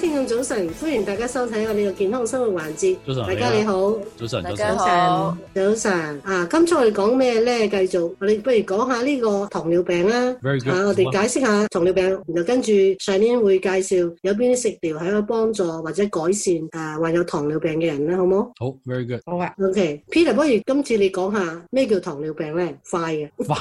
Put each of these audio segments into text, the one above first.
聽眾早晨，歡迎大家收睇我哋嘅健康生活環節。早晨，大家你好。早晨，大家早晨。早晨啊，今次我哋講咩咧？繼續，我哋不如講下呢個糖尿病啦。Very good。啊，我哋解釋下糖尿病，然後跟住上年會介紹有邊啲食療係一個幫助或者改善誒患有糖尿病嘅人咧，好冇？好，very good。好啊。Okay，Peter，不如今次你講下咩叫糖尿病咧？快嘅。快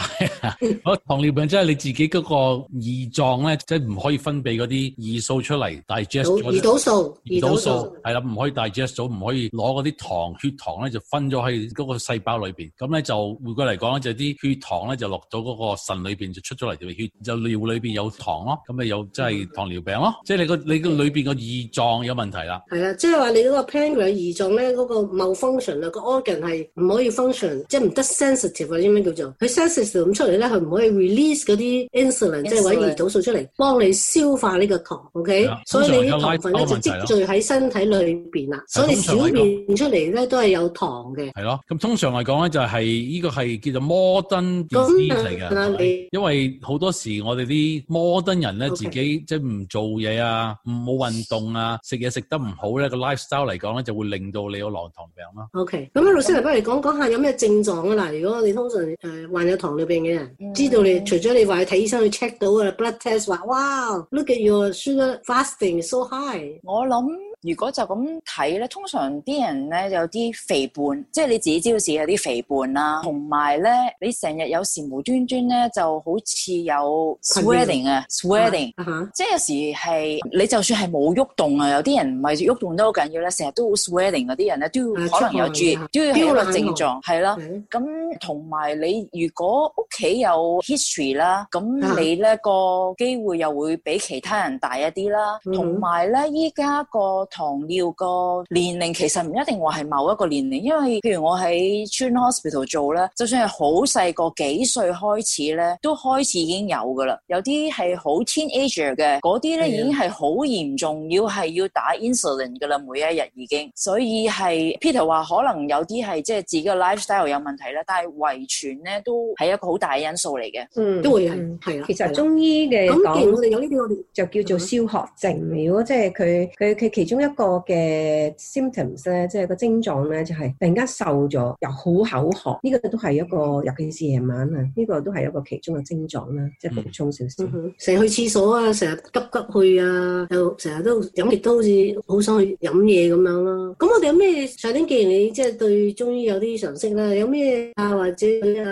啊！好，糖尿病即係你自己嗰個胰臟咧，即係唔可以分泌嗰啲胰素出嚟，但係 just 胰島素，胰島素係啦，唔可以 digest，唔可以攞嗰啲糖，血糖咧就分咗喺嗰個細胞裏面。咁咧就回過嚟講咧，就啲、是、血糖咧就落到嗰個腎裏面，就出咗嚟條血，就尿裏面有糖咯，咁咪有即係、就是、糖尿病咯，嗯、即係你個你個裏、嗯、面個胰臟有問題啦。係啦，即係話你嗰個 pancreas 胰臟咧，嗰、嗰個冇 function 啦，個 organ 係唔可以 function，即係唔得 sensitive 啊，點叫做佢 sensitive 咁出嚟咧，佢唔可以 release 嗰啲 insulin，In 即係搵胰島素出嚟幫你消化呢個糖。OK，所以你。部分咧就積聚喺身體裏邊啦，所以小便出嚟咧都係有糖嘅。係咯，咁通常嚟講咧就係、是、呢、這個係叫做 modern disease 嚟㗎、啊，因為好多時候我哋啲 modern 人咧自己、okay. 即係唔做嘢啊，唔好運動啊，食嘢食得唔好咧，個 lifestyle 嚟講咧就會令到你有糖尿病咯。O K，咁啊，老師嚟不如講講下有咩症狀啊嗱，如果你通常誒、呃、患有糖尿病嘅人、嗯、知道你除咗你話去睇醫生去 check 到啊，blood test 話哇，look at your sugar fasting so Hi. 我諗。如果就咁睇咧，通常啲人咧有啲肥胖，即係你自己知道有啲肥胖啦，同埋咧你成日有時無端端咧就好似有 sweating 啊，sweating，即係有時係你就算係冇喐動啊，有啲人唔係喐動，動都好緊要咧，成日都好 sweating 嗰啲人咧都要可能要注意，都要考慮症狀係啦。咁同埋你如果屋企有 history 啦，咁你咧個機會又會比其他人大一啲啦，同埋咧依家個。糖尿個年齡其實唔一定話係某一個年齡，因為譬如我喺 Tuen Mun hospital 做咧，就算係好細個幾歲開始咧，都開始已經有噶啦。有啲係好 teenager 嘅，嗰啲咧已經係好嚴重，要係要打 insulin 噶啦，每一日已經。所以係 Peter 話，可能有啲係即係自己嘅 lifestyle 有問題啦，但係遺傳咧都係一個好大因素嚟嘅、嗯，都會係、嗯。其實中醫嘅講，咁、嗯、既然我哋有呢啲，我哋就叫做消渴症、嗯。如果即係佢佢佢其中。一個嘅 symptoms 咧，即係個症狀咧，就係突然間瘦咗，又好口渴，呢個都係一個，尤其是夜晚啊，呢個都係一個其中嘅症狀啦，即係補充少少。成日，嗯，嗯嗯，去廁所啊，成日急急去啊，又成日都飲，亦都好似好想去飲嘢咁樣咯。咁我哋有咩？上年既然你即係對中醫有啲常識啦，有咩啊或者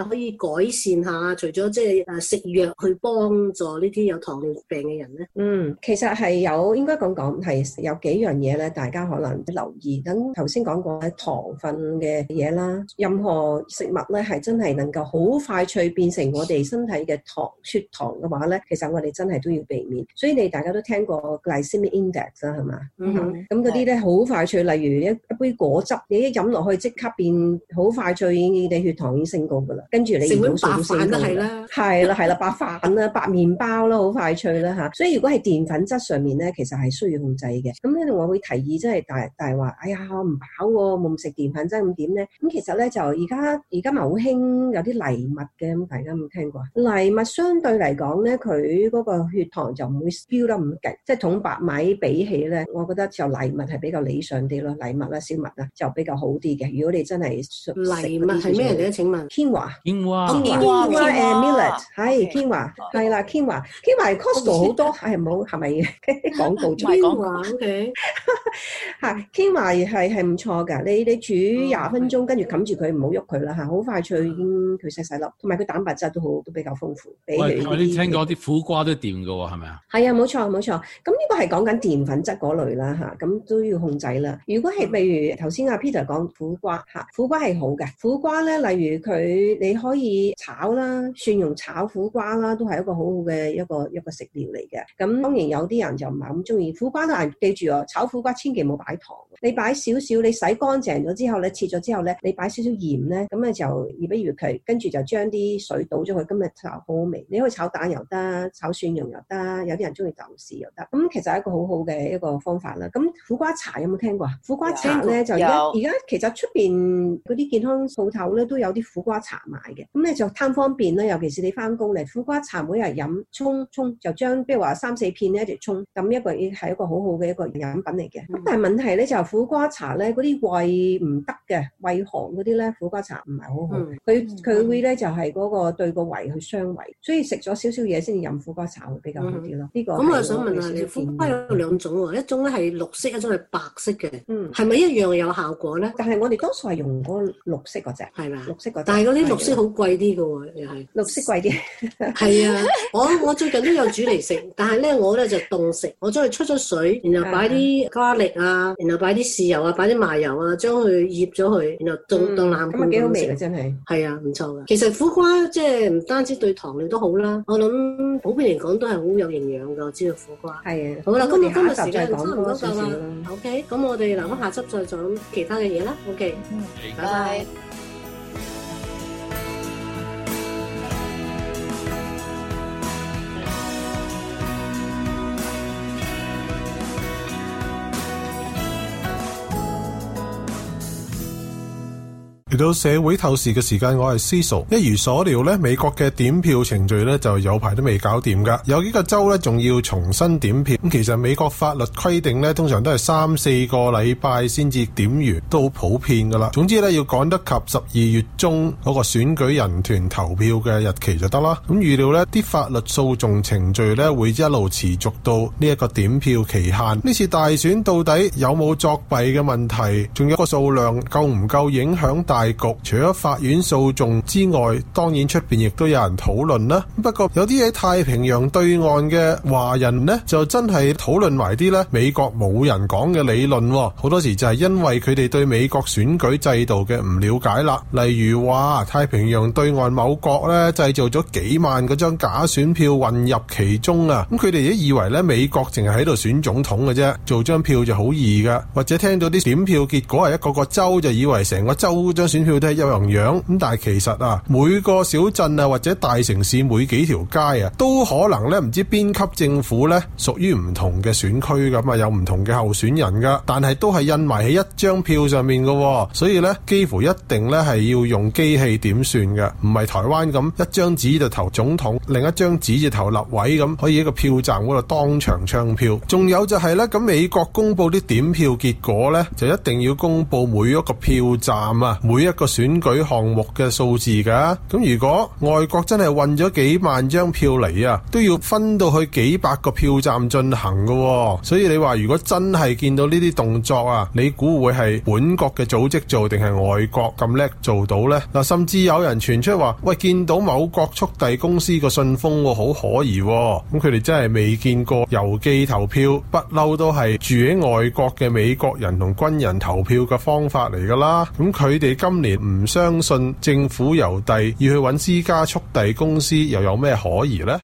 可以改善下？除咗即係誒食藥去幫助呢啲有糖尿病嘅人咧？嗯，其實係有，應該講講係有幾樣。嘢咧，大家可能都留意。等頭先講過咧，糖分嘅嘢啦，任何食物咧，係真係能夠好快脆變成我哋身體嘅糖、血糖嘅話咧，其實我哋真係都要避免。所以你大家都聽過 glycemic index 啦，係、嗯、嘛？咁嗰啲咧好快脆，例如一一杯果汁，你一飲落去即刻變好快脆，已經你血糖已經升高噶啦。跟住你胰島素都升咗。成碗白飯都係啦。係啦，係啦， 白飯啦，白麵包啦，好快脆啦嚇。所以如果係澱粉質上面咧，其實係需要控制嘅。咁咧我會提議真係大大話，哎呀，我唔飽喎，唔食澱粉真係咁點咧？咁其實咧就而家而家咪好興有啲藜麥嘅，咁大家有冇聽過啊？藜麥相對嚟講咧，佢嗰個血糖就唔會飆得咁勁，即係同白米比起咧，我覺得就藜麥係比較理想啲咯，藜麥啦、小米啦就比較好啲嘅。如果你真係食，藜麥，藜麥係咩嚟嘅？請問？quinoa，quinoa，quinoa，米粒，係 quinoa，係啦，quinoa，quinoa，costco 好多係冇係咪？啲、哎、 廣告出。係，傾埋係係唔錯噶。你你煮廿分鐘，跟住冚住佢，唔好喐佢啦嚇，好快脆已經佢細細粒，同埋佢蛋白質都好，都比較豐富。喂，我啲聽講啲苦瓜都掂噶喎，係咪啊？係啊，冇錯冇錯。咁呢個係講緊澱粉質嗰類啦嚇，咁都要控制啦。如果係譬如頭先阿 Peter 講苦瓜嚇，苦瓜係好嘅。苦瓜咧，例如佢你可以炒啦，蒜蓉炒苦瓜啦，都係一個好好嘅一個一個食料嚟嘅。咁當然有啲人就唔係咁中意苦瓜都係記住哦，炒。苦瓜千祈唔好擺糖，你擺少少，你洗乾淨咗之後咧，你切咗之後咧，你擺少少鹽咧，咁咧就而不如佢，跟住就將啲水倒咗佢，今日炒好好味。你可以炒蛋又得，炒蒜蓉又得，有啲人中意豆豉又得。咁其實係一個好好嘅一個方法啦。咁苦瓜茶有冇聽過啊？苦瓜茶咧就而家而家其實出邊嗰啲健康鋪頭咧都有啲苦瓜茶賣嘅。咁咧就貪方便啦，尤其是你翻工嚟，苦瓜茶每日飲，沖沖就將，比如話三四片咧，一碟沖，咁一個係一個好好嘅一個飲品。嚟、嗯、嘅，咁但係問題咧就係苦瓜茶咧，嗰啲胃唔得嘅，胃寒嗰啲咧，苦瓜茶唔係好好，佢、嗯、佢、嗯、會咧就係嗰個對個胃去傷胃，所以食咗少少嘢，先至飲苦瓜茶會比較好啲咯。呢、嗯個咁、嗯、我想問下你，苦瓜有兩種喎，一種咧係綠色，一種係白色嘅，係、嗯、咪一樣有效果咧？但係我哋通常係用嗰個綠色嗰隻，係嘛？綠色嗰，但係嗰啲綠色好貴啲嘅喎，又係綠色貴啲，係 啊！我我最近都有煮嚟食， 但係咧我咧就凍食，我將佢出咗水，然後擺啲、嗯。加力啊，然後擺啲豉油啊，擺啲麻油啊，將佢醃咗佢，然後當當冷盤幾好味嘅真係，係啊，唔錯嘅。其實苦瓜即係唔單止對糖尿都好啦，我諗普遍嚟講都係好有營養㗎。我知道苦瓜係啊。好啦，今日今日時間差唔多啦，OK。咁我哋留翻下集再講、嗯、其他嘅嘢啦。OK、嗯、拜拜。拜拜。嚟到社會透視嘅時間，我係 Ciso，一如所料咧，美國嘅點票程序咧就有排都未搞掂噶，有幾個州咧仲要重新點票。咁其實美國法律規定咧，通常都係三四個禮拜先至點完，都好普遍噶啦。總之咧，要趕得及十二月中嗰個選舉人團投票嘅日期就得啦。咁預料呢啲法律訴訟程序咧會一路持續到呢一個點票期限。呢次大選到底有冇作弊嘅問題？仲有個數量夠唔夠影響大？局除咗法院訴訟之外，當然出邊亦都有人討論啦。不過有啲喺太平洋對岸嘅華人呢，就真係討論埋啲呢，美國冇人講嘅理論，好多時就係因為佢哋對美國選舉制度嘅唔了解啦。例如話太平洋對岸某國呢，製造咗幾萬嗰張假選票混入其中啊，咁佢哋都以為呢，美國淨係喺度選總統嘅啫，做張票就好易㗎。或者聽到啲點票結果係一個個州，就以為成個州張選選票都係一樣咁，但係其實啊，每個小鎮啊或者大城市每幾條街啊，都可能咧唔知邊級政府咧，屬於唔同嘅選區咁啊，有唔同嘅候選人噶，但係都係印埋喺一張票上面噶、哦，所以咧幾乎一定咧係要用機器點算嘅，唔係台灣咁一張紙就投總統，另一張紙就投立委咁，可以一個票站嗰度當場唱票。仲有就係、是、咧，咁美國公布啲點票結果咧，就一定要公布每一個票站啊，每。一個選舉項目嘅數字噶、啊，咁如果外國真係運咗幾萬張票嚟啊，都要分到去幾百個票站進行噶、喎，所以你話如果真係見到呢啲動作啊，你估會係本國嘅組織做，定係外國咁叻做到呢？嗱，甚至有人傳出話，喂，見到某國速遞公司個信封喎、好、可疑、喎，咁佢哋真係未見過郵寄投票，不嬲都係住喺外國嘅美國人同軍人投票嘅方法嚟噶啦，咁佢哋今。今年唔相信政府郵遞，要去揾私家速遞公司，又有咩可疑咧？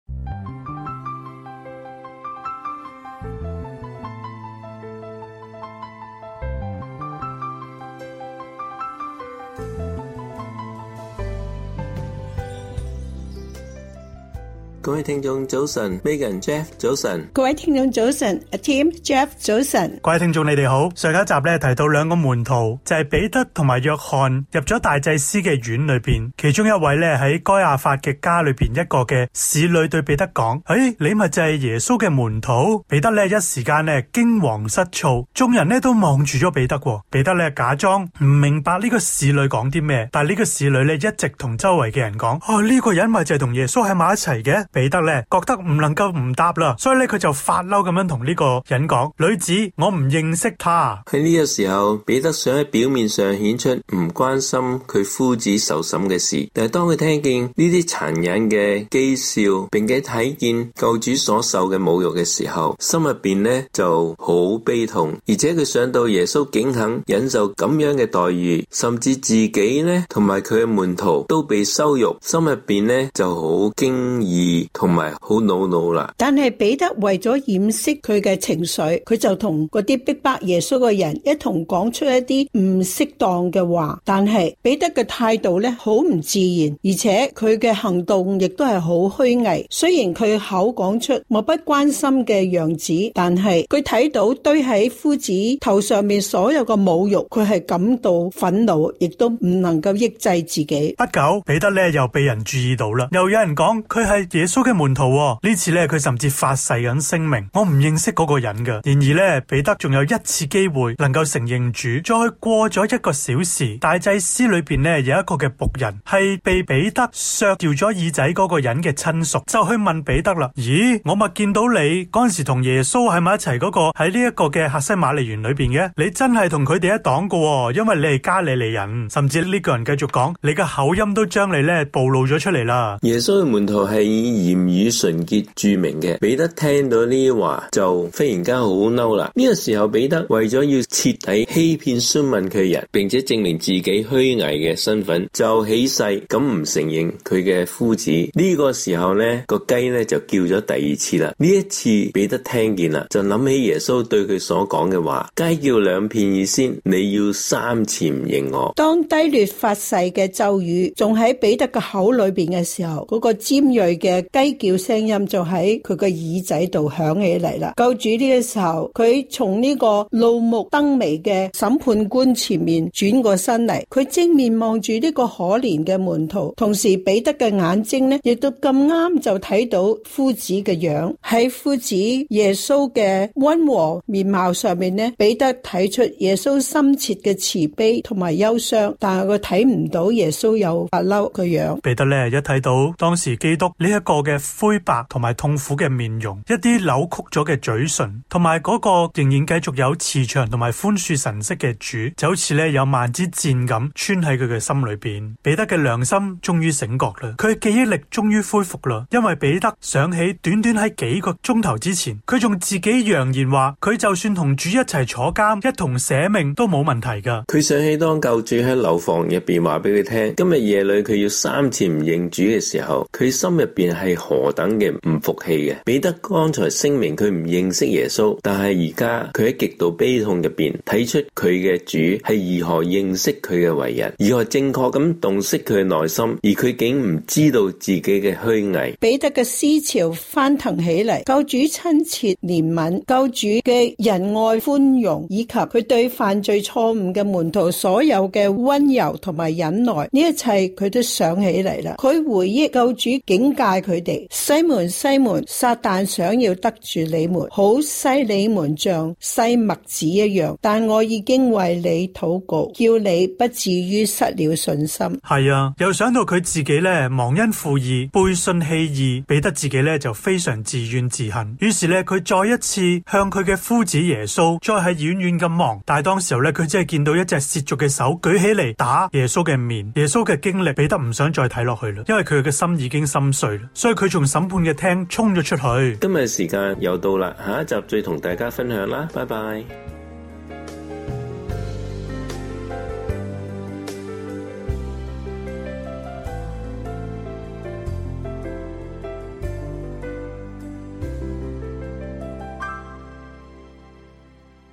聽眾早晨，Megan Jeff 早晨，各位聽眾早晨，阿 Tim Jeff 早晨，各位聽眾你哋好。上一集咧提到兩個門徒，就係彼得同埋約翰入咗大祭司嘅院裏邊，其中一位咧喺該亞法嘅家裏邊，一個嘅侍女對彼得講：誒，你咪就係耶穌嘅門徒。彼得咧一時間咧驚惶失措，眾人咧都望住咗彼得。彼得咧假裝唔明白呢個侍女講啲咩，但係呢個侍女咧一直同周圍嘅人講：哦，呢個人咪就係同耶穌喺埋一齊嘅。彼得得覺得唔能夠唔答啦，所以咧佢就發嬲咁樣同呢個人講：「女子，我唔認識她。」喺呢個時候，彼得想喺表面上顯出唔關心佢夫子受審嘅事，但係當佢聽見呢啲殘忍嘅譏笑，並且睇見救主所受嘅侮辱嘅時候，心入邊呢就好悲痛，而且佢想到耶穌竟肯忍受咁樣嘅待遇，甚至自己呢同埋佢嘅門徒都被羞辱，心入邊呢就好驚異。同埋好惱怒啦，但係彼得為咗掩飾佢嘅情緒，佢就同嗰啲逼迫耶穌嘅人一同講出一啲唔適當嘅話。但係彼得嘅態度咧，好唔自然，而且佢嘅行動亦都係好虛偽。雖然佢口講出漠不關心嘅樣子，但係佢睇到堆喺夫子頭上面所有嘅侮辱，佢係感到憤怒，亦都唔能夠抑制自己。不久，彼得咧又被人注意到啦，又有人講佢係耶穌嘅。門徒、哦、次呢次咧，佢甚至發誓緊聲明：我唔認識嗰個人嘅。然而咧，彼得仲有一次機會能夠承認主。再過咗一個小時，大祭司裏邊呢有一個嘅僕人係被彼得削掉咗耳仔嗰個人嘅親屬，就去問彼得啦：咦，我咪見到你嗰陣時同耶穌喺埋一齊嗰個喺呢一個嘅客西馬尼園裏邊嘅？你真係同佢哋一黨嘅，哦？因為你係加利利人。甚至呢個人繼續講：你嘅口音都將你咧暴露咗出嚟啦。耶穌嘅門徒係以……以純潔著名嘅彼得聽到呢啲話就忽然間好嬲啦！呢個時候彼得為咗要徹底欺騙詢問佢人，並且證明自己虛偽嘅身份，就起誓咁唔承認佢嘅夫子。呢個時候呢個雞呢就叫咗第二次啦！呢一次彼得聽見啦，就諗起耶穌對佢所講嘅話：雞叫兩遍以先，你要三次唔認我。當低劣發誓嘅咒語仲喺彼得嘅口裏邊嘅時候，嗰個尖銳嘅雞。叫聲音就喺佢個耳仔度響起嚟啦。救主呢個時候，佢從呢個怒目瞪眉嘅審判官前面轉過身嚟，佢正面望住呢個可憐嘅門徒。同時，彼得嘅眼睛咧，亦都咁啱就睇到夫子嘅樣喺夫子耶穌嘅温和面貌上面咧，彼得睇出耶穌深切嘅慈悲同埋憂傷。但係佢睇唔到耶穌有發嬲嘅樣。彼得咧一睇到當時基督呢一個嘅。嘅灰白同埋痛苦嘅面容，一啲扭曲咗嘅嘴唇，同埋嗰個仍然繼續有慈祥同埋寬恕神色嘅主，就好似咧有萬支箭咁穿喺佢嘅心裏邊。彼得嘅良心終於醒覺啦，佢記憶力終於恢復啦，因為彼得想起短短喺幾個鐘頭之前，佢仲自己揚言話佢就算同主一齊坐監，一同捨命都冇問題噶。佢想起當舊主喺樓房入邊話俾佢聽，今日夜裏佢要三次唔認主嘅時候，佢心入邊係。何等嘅唔服氣嘅彼得，剛才聲明佢唔認識耶穌，但係而家佢喺極度悲痛入邊睇出佢嘅主係如何認識佢嘅為人，如何正確咁洞悉佢嘅內心，而佢竟唔知道自己嘅虛偽。彼得嘅思潮翻騰起嚟，救主親切憐憫，救主嘅仁愛寬容，以及佢對犯罪錯誤嘅門徒所有嘅溫柔同埋忍耐，呢一切佢都想起嚟啦。佢回憶救主警戒佢哋。西門西門，撒旦想要得住你們，好西你們像西麥子一樣，但我已經為你禱告，叫你不至於失了信心。係啊，又想到佢自己咧忘恩負義、背信棄義，彼得自己咧就非常自怨自恨。於是咧佢再一次向佢嘅夫子耶穌，再係遠遠咁望，但係當時候咧佢真係見到一隻褻瀆嘅手舉起嚟打耶穌嘅面。耶穌嘅經歷彼得唔想再睇落去啦，因為佢嘅心已經心碎啦，所以佢從審判嘅廳衝咗出去。今日時間又到啦，下一集再同大家分享啦，拜拜。